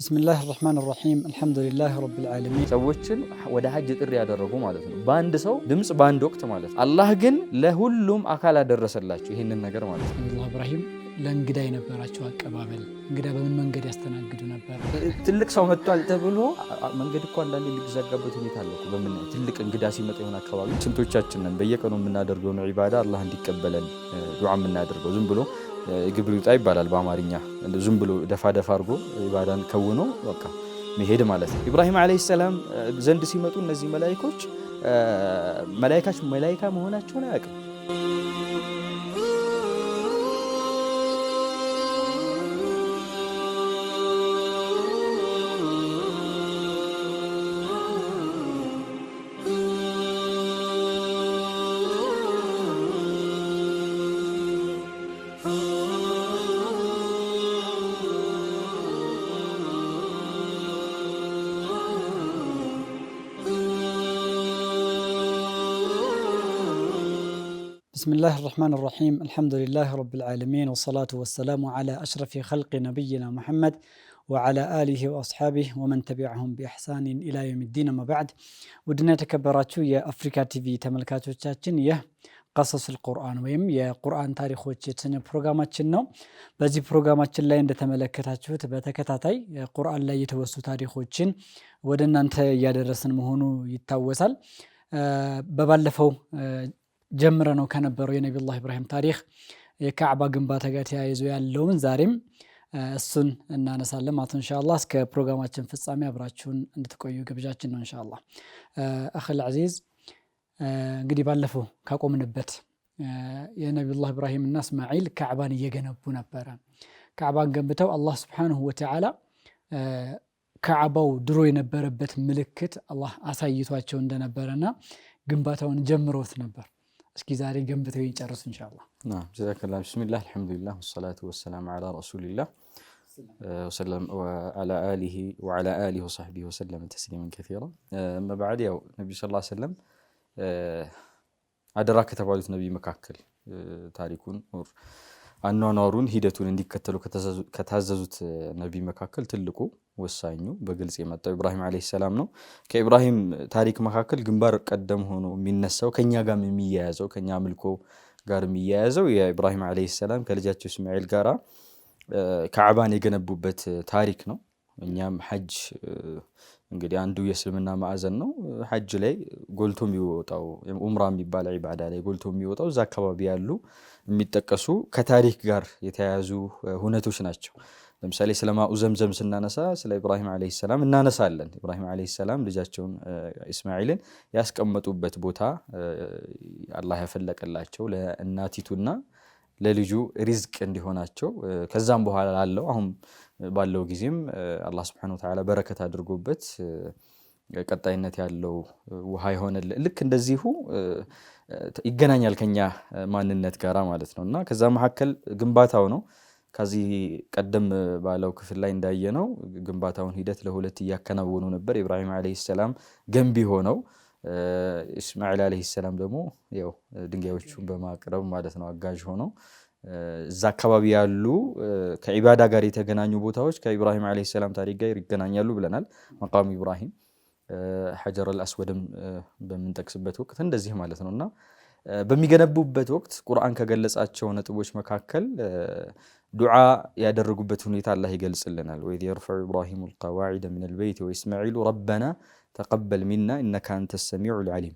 ብስምላህ ራህማን ራሒም አልሐምዱሊላህ ረብል ዓለሚን። ሰዎችን ወደ ሀጅ ጥሪ ያደረጉ ማለት ነው፣ በአንድ ሰው ድምፅ በአንድ ወቅት ማለት ነው። አላህ ግን ለሁሉም አካል አደረሰላቸው ይህንን ነገር ማለት ነው። ነቢዩላህ ኢብራሂም ለእንግዳ የነበራቸው አቀባበል፣ እንግዳ በምን መንገድ ያስተናግዱ ነበር? ትልቅ ሰው መጥቷል ተብሎ መንገድ እኮ አንዳንድ የሚዘጋበት ሁኔታ አለ። በምን ትልቅ እንግዳ ሲመጣ የሆነ አካባቢ ስንቶቻችንን በየቀኑ የምናደርገውን ዒባዳ አላህ እንዲቀበለን ዱዓ የምናደርገው ዝም ብሎ ግብር ይውጣ ይባላል በአማርኛ። ዝም ብሎ ደፋ ደፋ አድርጎ ኢባዳን ከውኖ በቃ መሄድ ማለት ነው። ኢብራሂም ዓለይሂ ሰላም ዘንድ ሲመጡ እነዚህ መላይኮች መላይካ መሆናቸውን አያውቅም። بسم الله الرحمن الرحيم الحمد لله رب العالمين والصلاة والسلام على أشرف خلق نبينا محمد وعلى آله وأصحابه ومن تبعهم بإحسان إلى يوم الدين ما بعد ودنا تكبراتو يا أفريكا تي في تملكاتو تاتشن يا قصص القرآن ويم يا قرآن تاريخ وتشتنا بروجراماتشنو بزي بروجراماتشن لا يند تملكاتو تبتكتاتاي يا قرآن لا يتوسو تاريخ وتشن ودنا أنت يا درسن مهونو يتوسل ببلفو ጀምረ ነው ከነበረው የነቢዩላህ ኢብራሂም ታሪክ የካዕባ ግንባታ ጋር ተያይዞ ያለውን ዛሬም እሱን እናነሳለን ማለት እንሻላ። እስከ ፕሮግራማችን ፍጻሜ አብራችሁን እንድትቆዩ ግብዣችን ነው እንሻላ። አክል ዐዚዝ እንግዲህ ባለፈው ካቆምንበት የነቢዩላህ እና እስማዒል ካዕባን እየገነቡ ነበረ። ካዕባን ገንብተው አላህ ስብሓንሁ ወተዓላ ካዕባው ድሮ የነበረበት ምልክት አላህ አሳይቷቸው እንደነበረና ግንባታውን ጀምሮት ነበር እስኪ ዛሬ ገንብተው ይጨርስ እንሻላ። ጀዛከላ ብስሚላህ አልሐምዱሊላህ ወሰላቱ ወሰላሙ ዐላ ረሱሊላህ ወዐላ አሊሂ ወሰሕቢሂ ወሰለም ተስሊመን ከሲራ። አማ በዕድ ያው ነቢዩ ሰለላሁ ዐለይሂ ወሰለም አደራ ከተባሉት ነቢይ መካከል ታሪኩን አኗኗሩን ሂደቱን እንዲከተሉ ከታዘዙት ነቢይ መካከል ትልቁ ወሳኙ በግልጽ የመጣው ኢብራሂም ዓለይሂ ሰላም ነው። ከኢብራሂም ታሪክ መካከል ግንባር ቀደም ሆኖ የሚነሳው ከኛ ጋር የሚያያዘው ከኛ አምልኮ ጋር የሚያያዘው የኢብራሂም ዓለይሂ ሰላም ከልጃቸው እስማኤል ጋር ከዓባን የገነቡበት ታሪክ ነው። እኛም ሐጅ እንግዲህ አንዱ የእስልምና ማዕዘን ነው። ሐጅ ላይ ጎልቶ የሚወጣው ኡምራ የሚባል ዒባዳ ላይ ጎልቶ የሚወጣው እዛ አካባቢ ያሉ የሚጠቀሱ ከታሪክ ጋር የተያያዙ ሁነቶች ናቸው። ለምሳሌ ስለ ማኡ ዘምዘም ስናነሳ ስለ ኢብራሂም ዓለይሂ ሰላም እናነሳለን። ኢብራሂም ዓለይሂ ሰላም ልጃቸውን እስማዒልን ያስቀመጡበት ቦታ አላህ ያፈለቀላቸው ለእናቲቱና ለልጁ ሪዝቅ እንዲሆናቸው ከዛም በኋላ ላለው አሁን ባለው ጊዜም አላህ ሱብሓነሁ ወተዓላ በረከት አድርጎበት ቀጣይነት ያለው ውሃ የሆነልን ልክ እንደዚሁ ይገናኛል ከኛ ማንነት ጋር ማለት ነው እና ከዛ መካከል ግንባታው ነው። ከዚህ ቀደም ባለው ክፍል ላይ እንዳየነው ግንባታውን ሂደት ለሁለት እያከናወኑ ነበር። ኢብራሂም ዓለይሂ ሰላም ገንቢ ሆነው እስማዒል ዓለይሂ ሰላም ደግሞ ያው ድንጋዮቹን በማቅረብ ማለት ነው አጋዥ ሆነው እዛ አካባቢ ያሉ ከዒባዳ ጋር የተገናኙ ቦታዎች ከኢብራሂም ዓለይሂ ሰላም ታሪክ ጋር ይገናኛሉ ብለናል። መቃም ኢብራሂም ሐጀር አልአስወድም በምንጠቅስበት ወቅት እንደዚህ ማለት ነው እና በሚገነቡበት ወቅት ቁርአን ከገለጻቸው ነጥቦች መካከል ዱዓ ያደረጉበት ሁኔታ አላህ ይገልጽልናል። ወኢዝ የርፈዑ ኢብራሂሙ ልቀዋዒደ ሚነል በይት ወኢስማዒሉ ረበና ተቀበል ሚና ኢነካ አንተ ሰሚዑል ዓሊም።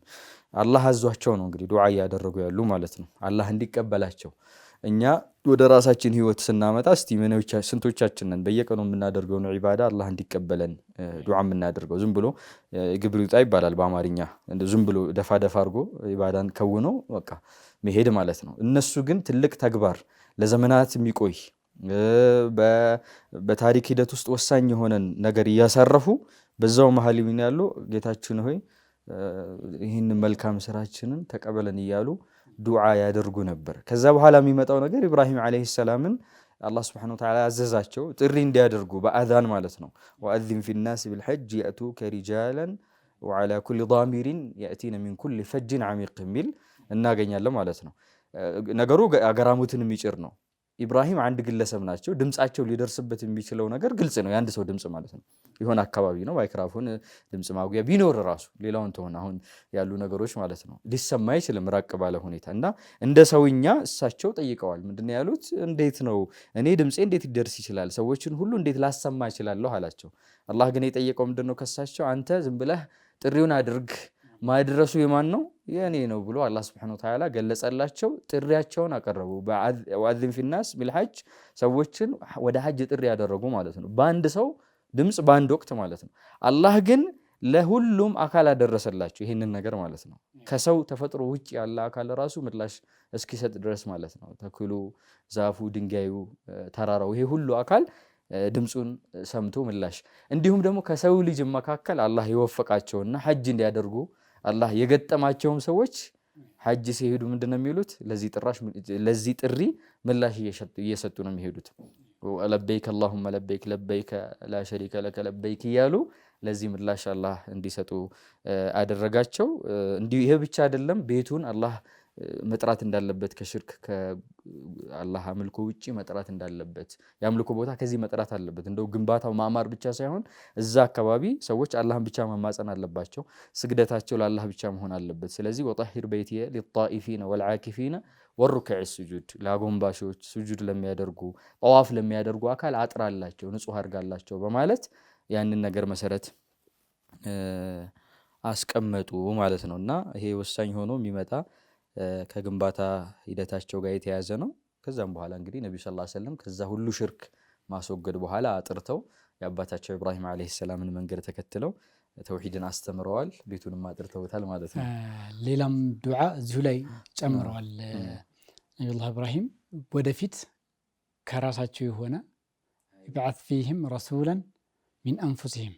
አላህ አዟቸው ነው እንግዲህ ዱዓ እያደረጉ ያሉ ማለት ነው፣ አላህ እንዲቀበላቸው እኛ ወደ ራሳችን ህይወት ስናመጣ እስቲ ስንቶቻችን ነን በየቀኑ የምናደርገውን ዒባዳ አላህ እንዲቀበለን ዱዓ የምናደርገው? ዝም ብሎ ግብር ይውጣ ይባላል በአማርኛ ዝም ብሎ ደፋ ደፋ አድርጎ ዒባዳን ከውኖ በቃ መሄድ ማለት ነው። እነሱ ግን ትልቅ ተግባር ለዘመናት የሚቆይ በታሪክ ሂደት ውስጥ ወሳኝ የሆነን ነገር እያሳረፉ በዛው መሀል ምን ያሉ ጌታችን ሆይ ይህን መልካም ስራችንን ተቀበለን እያሉ ዱዓ ያደርጉ ነበር። ከዛ በኋላ የሚመጣው ነገር ኢብራሂም ዓለይሂ ሰላምን አላህ ስብሐነሁ ወተዓላ አዘዛቸው ጥሪ እንዲያደርጉ በአዛን ማለት ነው። ወአዚን ፊናስ ቢልሐጅ የእቱከ ሪጃለን ወዓላ ኩሊ ዳሚሪን የእቲነ ሚን ኩሊ ፈጅን ዓሚቅ የሚል እናገኛለን ማለት ነው። ነገሩ አገራሙትን የሚጭር ነው። ኢብራሂም አንድ ግለሰብ ናቸው። ድምፃቸው ሊደርስበት የሚችለው ነገር ግልጽ ነው። የአንድ ሰው ድምፅ ማለት ነው። የሆነ አካባቢ ነው ማይክራፎን ድምፅ ማጉያ ቢኖር ራሱ ሌላውን ተሆነ አሁን ያሉ ነገሮች ማለት ነው ሊሰማ አይችልም፣ ራቅ ባለ ሁኔታ እና እንደ ሰውኛ እሳቸው ጠይቀዋል። ምንድን ያሉት? እንዴት ነው እኔ ድምፄ እንዴት ሊደርስ ይችላል? ሰዎችን ሁሉ እንዴት ላሰማ ይችላለሁ? አላቸው። አላህ ግን የጠየቀው ምንድን ነው ከሳቸው አንተ ዝም ብለህ ጥሪውን አድርግ። ማድረሱ የማን ነው? የእኔ ነው ብሎ አላህ ስብሐነሁ ወተዓላ ገለጸላቸው። ጥሪያቸውን አቀረቡ። ወአዚን ፊናስ ቢልሐጅ ሰዎችን ወደ ሐጅ ጥሪ ያደረጉ ማለት ነው። በአንድ ሰው ድምፅ በአንድ ወቅት ማለት ነው። አላህ ግን ለሁሉም አካል አደረሰላቸው ይህንን ነገር ማለት ነው። ከሰው ተፈጥሮ ውጭ ያለ አካል ራሱ ምላሽ እስኪሰጥ ድረስ ማለት ነው። ተክሉ፣ ዛፉ፣ ድንጋዩ፣ ተራራው ይሄ ሁሉ አካል ድምፁን ሰምቶ ምላሽ እንዲሁም ደግሞ ከሰው ልጅ መካከል አላህ የወፈቃቸውና ሐጅ እንዲያደርጉ አላህ የገጠማቸውም ሰዎች ሐጅ ሲሄዱ ምንድን ነው የሚሉት? ለዚህ ለዚህ ጥሪ ምላሽ እየሰጡ ነው የሚሄዱት። ለበይክ አላሁመ ለበይክ ለበይከ ላ ሸሪከ ለከ ለበይክ እያሉ ለዚህ ምላሽ አላህ እንዲሰጡ አደረጋቸው። እንዲሁ ይሄ ብቻ አይደለም፣ ቤቱን አላህ መጥራት እንዳለበት ከሽርክ ከአላህ አምልኮ ውጭ መጥራት እንዳለበት የአምልኮ ቦታ ከዚህ መጥራት አለበት። እንደው ግንባታው ማማር ብቻ ሳይሆን እዛ አካባቢ ሰዎች አላህን ብቻ መማፀን አለባቸው። ስግደታቸው ለአላህ ብቻ መሆን አለበት። ስለዚህ ወጣሂር በይትየ ሊጣኢፊነ ወልዓኪፊነ ወሩክዕ ስጁድ ለአጎንባሾች ስጁድ ለሚያደርጉ ጠዋፍ ለሚያደርጉ አካል አጥራላቸው፣ ንጹህ አድርጋላቸው በማለት ያንን ነገር መሰረት አስቀመጡ ማለት ነው እና ይሄ ወሳኝ ሆኖ የሚመጣ ከግንባታ ሂደታቸው ጋር የተያዘ ነው። ከዛም በኋላ እንግዲህ ነቢዩ ስ ሰለም ከዛ ሁሉ ሽርክ ማስወገድ በኋላ አጥርተው የአባታቸው ኢብራሂም ዐለይሂ ሰላምን መንገድ ተከትለው ተውሂድን አስተምረዋል። ቤቱንም አጥርተውታል ማለት ነው። ሌላም ዱዓ እዚሁ ላይ ጨምረዋል ነቢዩላህ ኢብራሂም ወደፊት ከራሳቸው የሆነ ይብዓት ፊህም ረሱለን ሚን አንፉሲህም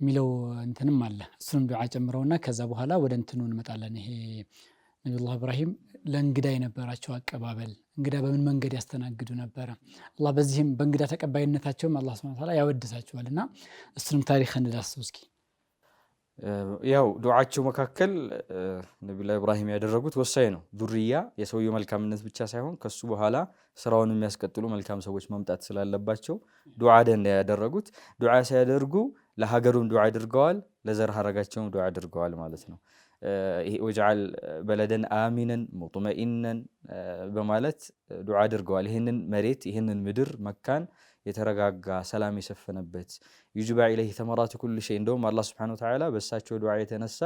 የሚለው እንትንም አለ። እሱንም ዱዓ ጨምረውና ከዛ በኋላ ወደ እንትኑ እንመጣለን ይሄ ነቢዩላህ ኢብራሂም ለእንግዳ የነበራቸው አቀባበል እንግዳ በምን መንገድ ያስተናግዱ ነበረ። አላህ በዚህም በእንግዳ ተቀባይነታቸውም አላህ ሱብሓነሁ ወተዓላ ያወድሳቸዋል እና እሱንም ታሪክ እንዳስሰው እስኪ። ያው ዱዓቸው መካከል ነቢዩላህ ኢብራሂም ያደረጉት ወሳኝ ነው። ዱርያ የሰውየው መልካምነት ብቻ ሳይሆን ከሱ በኋላ ስራውን የሚያስቀጥሉ መልካም ሰዎች መምጣት ስላለባቸው ዱዓ ደንዳ ያደረጉት ዱዓ ሲያደርጉ ለሀገሩም ዱዓ አድርገዋል፣ ለዘር ሀረጋቸውም ዱዓ አድርገዋል ማለት ነው። ወጅዓል በለደን አሚነን ሙጥመኢነን በማለት ዱዓ አድርገዋል። ይህንን መሬት ይህንን ምድር መካን የተረጋጋ ሰላም የሰፈነበት ዩጅባ ኢለይህ ተመራቱ ኩል ሸይ። እንደውም አላህ ሱብሓነሁ ወተዓላ በእሳቸው ዱዓ የተነሳ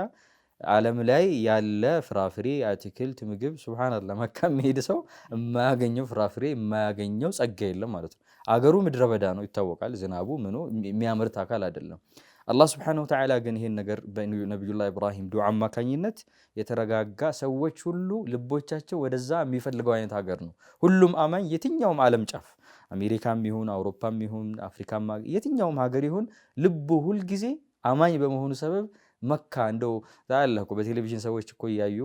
ዓለም ላይ ያለ ፍራፍሬ፣ አትክልት፣ ምግብ ሱብሓነላህ መካ የሚሄድ ሰው የማያገኘው ፍራፍሬ የማያገኘው ጸጋ የለም ማለት ነው። አገሩ ምድረ በዳ ነው ይታወቃል። ዝናቡ ምኑ የሚያምርት አካል አይደለም። አላህ ስብሐነሁ ወተዓላ ግን ይህን ነገር በነቢዩላህ ኢብራሂም ዱዓ አማካኝነት የተረጋጋ ሰዎች ሁሉ ልቦቻቸው ወደዛ የሚፈልገው አይነት ሀገር ነው። ሁሉም አማኝ የትኛውም ዓለም ጫፍ አሜሪካም ይሁን አውሮፓም ይሁን አፍሪካም የትኛውም ሀገር ይሁን ልቡ ሁልጊዜ አማኝ በመሆኑ ሰበብ መካ እንደው ታያለህ እኮ በቴሌቪዥን ሰዎች እኮ እያዩ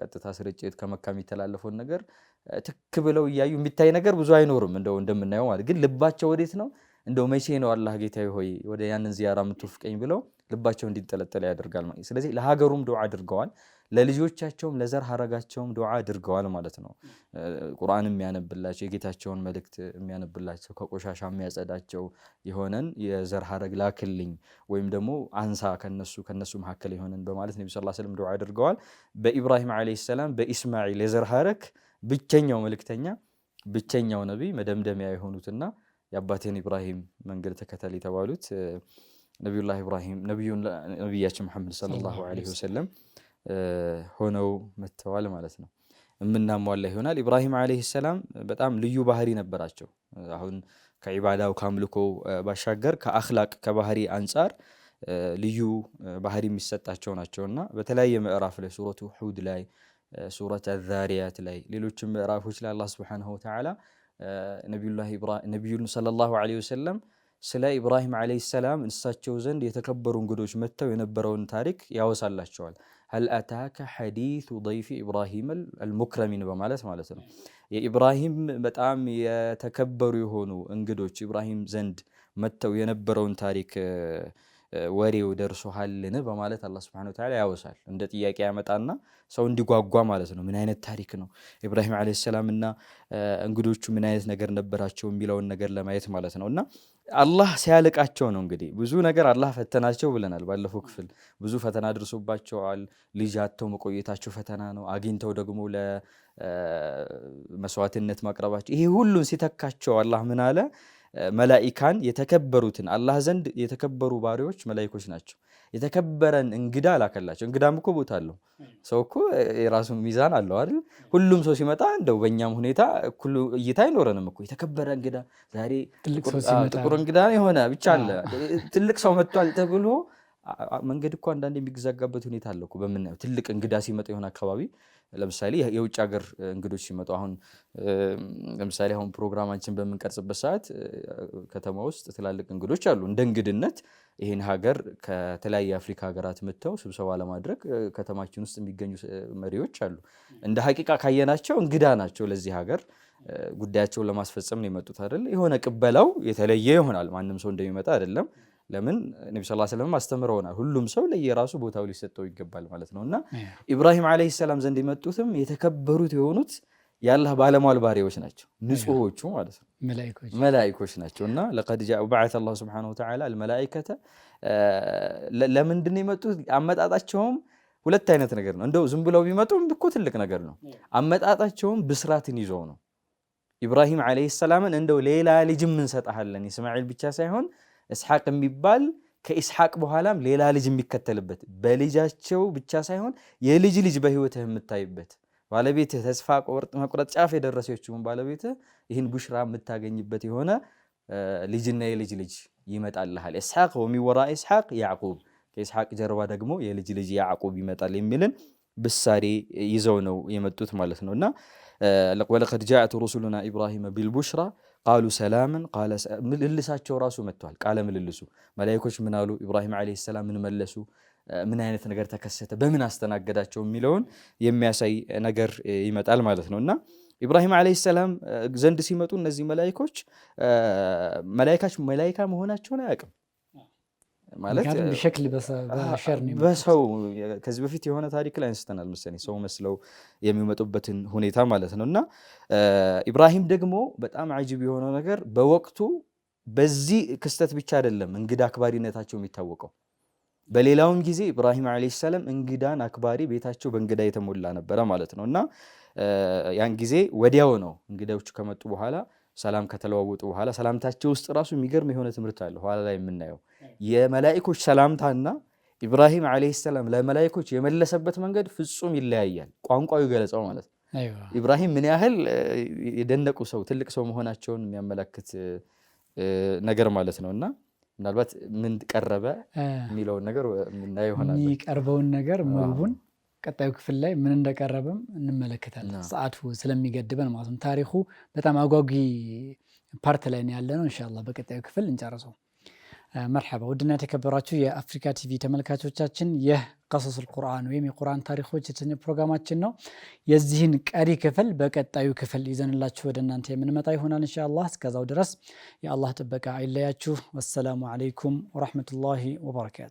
ቀጥታ ስርጭት ከመካ የሚተላለፈውን ነገር ትክ ብለው እያዩ የሚታይ ነገር ብዙ አይኖርም። እንደው እንደምናየው ማለት ግን ልባቸው ወዴት ነው? እንደው መቼ ነው አላህ ጌታ ሆይ ወደ ያንን ዚያራ የምትወፍቀኝ ብለው ልባቸው እንዲንጠለጠለ ያደርጋል። ስለዚህ ለሀገሩም ዱዓ አድርገዋል፣ ለልጆቻቸውም ለዘር ሀረጋቸውም ዱዓ አድርገዋል ማለት ነው። ቁርአን የሚያነብላቸው የጌታቸውን መልእክት የሚያነብላቸው ከቆሻሻ የሚያጸዳቸው የሆነን የዘር ሀረግ ላክልኝ ወይም ደግሞ አንሳ ከነሱ ከነሱ መካከል የሆነን በማለት ነቢ ስላ ስለም ዱዓ አድርገዋል። በኢብራሂም ዓለይሂ ሰላም በኢስማዒል የዘር ሀረግ ብቸኛው መልእክተኛ ብቸኛው ነቢይ መደምደሚያ የሆኑትና የአባቴን ኢብራሂም መንገድ ተከተል የተባሉት ነቢዩላህ ኢብራሂም ነቢያችን መሐመድ ሰለላሁ ዐለይሂ ወሰለም ሆነው መጥተዋል ማለት ነው። የምናሟላ ይሆናል። ኢብራሂም ዐለይሂ ሰላም በጣም ልዩ ባህሪ ነበራቸው። አሁን ከዒባዳው ከአምልኮ ባሻገር ከአኽላቅ ከባህሪ አንጻር ልዩ ባህሪ የሚሰጣቸው ናቸው እና በተለያየ ምዕራፍ ላይ ሱረቱ ሁድ ላይ፣ ሱረት አዛሪያት ላይ፣ ሌሎችም ምዕራፎች ላይ አላህ ሱብሓነሁ ወተዓላ ነቢዩን ሰለላሁ ዐለይሂ ወሰለም ስለ ኢብራሂም ዐለይሂ ሰላም እንሳቸው ዘንድ የተከበሩ እንግዶች መጥተው የነበረውን ታሪክ ያወሳላቸዋል። ሀል አታከ ሐዲሱ ደይፊ ኢብራሂም አልሙክረሚን በማለት ማለት ነው። የኢብራሂም በጣም የተከበሩ የሆኑ እንግዶች ኢብራሂም ዘንድ መጥተው የነበረውን ታሪክ ወሬው ደርሶሃልን በማለት አላህ ሱብሐነሁ ወተዓላ ያወሳል። እንደ ጥያቄ ያመጣና ሰው እንዲጓጓ ማለት ነው። ምን አይነት ታሪክ ነው ኢብራሂም ዓለይሂ ሰላም እና እንግዶቹ ምን አይነት ነገር ነበራቸው የሚለውን ነገር ለማየት ማለት ነው። እና አላህ ሲያልቃቸው ነው እንግዲህ ብዙ ነገር አላህ ፈተናቸው ብለናል። ባለፈው ክፍል ብዙ ፈተና ደርሶባቸዋል። ልጅ አጥተው መቆየታቸው ፈተና ነው። አግኝተው ደግሞ ለመስዋዕትነት ማቅረባቸው ይሄ ሁሉን ሲተካቸው አላህ ምን አለ? መላኢካን የተከበሩትን አላህ ዘንድ የተከበሩ ባሪዎች መላኢኮች ናቸው። የተከበረን እንግዳ ላከላቸው። እንግዳም እኮ ቦታ አለው። ሰው እኮ የራሱ ሚዛን አለው አይደል? ሁሉም ሰው ሲመጣ እንደው በእኛም ሁኔታ እኩል እይታ አይኖረንም እኮ። የተከበረ እንግዳ ዛሬ ጥቁር እንግዳ የሆነ ብቻ አለ። ትልቅ ሰው መጥቷል ተብሎ መንገድ እኮ አንዳንድ የሚገዛጋበት ሁኔታ አለ እኮ በምናየው። ትልቅ እንግዳ ሲመጣ የሆነ አካባቢ ለምሳሌ የውጭ ሀገር እንግዶች ሲመጡ አሁን ለምሳሌ አሁን ፕሮግራማችን በምንቀርጽበት ሰዓት ከተማ ውስጥ ትላልቅ እንግዶች አሉ። እንደ እንግድነት ይህን ሀገር ከተለያየ የአፍሪካ ሀገራት መጥተው ስብሰባ ለማድረግ ከተማችን ውስጥ የሚገኙ መሪዎች አሉ። እንደ ሀቂቃ ካየናቸው እንግዳ ናቸው ለዚህ ሀገር ጉዳያቸውን ለማስፈጸም ነው የመጡት አይደለ የሆነ ቅበላው የተለየ ይሆናል። ማንም ሰው እንደሚመጣ አይደለም ለምን ነቢ ስ ስለም አስተምረውናል። ሁሉም ሰው ለየራሱ ቦታው ሊሰጠው ይገባል ማለት ነው እና ኢብራሂም ዓለይሂ ሰላም ዘንድ የመጡትም የተከበሩት የሆኑት የአላህ ባለሟል ባሪያዎች ናቸው፣ ንጹሆቹ ማለት ነው መላኢኮች ናቸው። እና ለቀድ ጃ በዓት አላሁ ስብሓነሁ ወተዓላ አልመላኢከተ ለምንድን የመጡት አመጣጣቸውም ሁለት አይነት ነገር ነው። እንደው ዝም ብለው ቢመጡም እኮ ትልቅ ነገር ነው። አመጣጣቸውም ብስራትን ይዘው ነው። ኢብራሂም ዓለይሂ ሰላምን እንደው ሌላ ልጅም እንሰጥሃለን፣ ኢስማዒል ብቻ ሳይሆን እስሐቅ የሚባል ከኢስሐቅ በኋላም ሌላ ልጅ የሚከተልበት በልጃቸው ብቻ ሳይሆን የልጅ ልጅ በህይወትህ የምታይበት ባለቤትህ ተስፋ መቁረጥ ጫፍ የደረሰችውን ባለቤትህ ይህን ቡሽራ የምታገኝበት የሆነ ልጅና የልጅ ልጅ ይመጣልሃል። ኢስሐቅ ወሚወራ ኢስሐቅ ያዕቁብ፣ ከኢስሐቅ ጀርባ ደግሞ የልጅ ልጅ ያዕቁብ ይመጣል የሚልን ብሳሬ ይዘው ነው የመጡት ማለት ነው እና ወለቀድ ጃአት ሩሱሉና ኢብራሂመ ቢልቡሽራ ቃሉ ሰላምን ምልልሳቸው ራሱ መጥቷል። ቃለ ምልልሱ መላይኮች ምን አሉ? ኢብራሂም ዓለይሂ ሰላም ምን መለሱ? ምን አይነት ነገር ተከሰተ? በምን አስተናገዳቸው? የሚለውን የሚያሳይ ነገር ይመጣል ማለት ነው እና ኢብራሂም ዓለይሂ ሰላም ዘንድ ሲመጡ እነዚህ መላይኮች መላይካች መላይካ መሆናቸውን አያውቅም ማለት ሸክል በሰው ከዚህ በፊት የሆነ ታሪክ ላይ አንስተናል መሰለኝ ሰው መስለው የሚመጡበትን ሁኔታ ማለት ነው። እና ኢብራሂም ደግሞ በጣም አጅብ የሆነው ነገር በወቅቱ በዚህ ክስተት ብቻ አይደለም እንግዳ አክባሪነታቸው የሚታወቀው። በሌላውም ጊዜ ኢብራሂም ዓለይሂ ሰላም እንግዳን አክባሪ፣ ቤታቸው በእንግዳ የተሞላ ነበረ ማለት ነው። እና ያን ጊዜ ወዲያው ነው እንግዳዎቹ ከመጡ በኋላ ሰላም ከተለዋወጡ በኋላ ሰላምታቸው ውስጥ ራሱ የሚገርም የሆነ ትምህርት አለ ኋላ ላይ የምናየው የመላኢኮች ሰላምታና ኢብራሂም ዓለይሂ ሰላም ለመላኢኮች የመለሰበት መንገድ ፍጹም ይለያያል። ቋንቋው ይገለጸው ማለት ነው። ኢብራሂም ምን ያህል የደነቁ ሰው ትልቅ ሰው መሆናቸውን የሚያመላክት ነገር ማለት ነው እና ምናልባት ምን ቀረበ የሚለውን ነገር የምናየው ይሆናል። የሚቀርበውን ነገር ምግቡን ቀጣዩ ክፍል ላይ ምን እንደቀረበም እንመለከታለን። ሰዓቱ ስለሚገድበን ማለት ነው። ታሪኩ በጣም አጓጊ ፓርት ላይ ነው ያለ ነው። ኢንሻላህ በቀጣዩ ክፍል እንጨርሰው። መርሐባ ውድና የተከበራችሁ የአፍሪካ ቲቪ ተመልካቾቻችን ይህ ቀሰሱል ቁርአን ወይም የቁርአን ታሪኮች የተሰኘ ፕሮግራማችን ነው። የዚህን ቀሪ ክፍል በቀጣዩ ክፍል ይዘንላችሁ ወደ እናንተ የምንመጣ ይሆናል ኢንሻአላህ። እስከዛው ድረስ የአላህ ጥበቃ አይለያችሁ። ወሰላሙ አለይኩም ወራህመቱላሂ ወበረካቱ።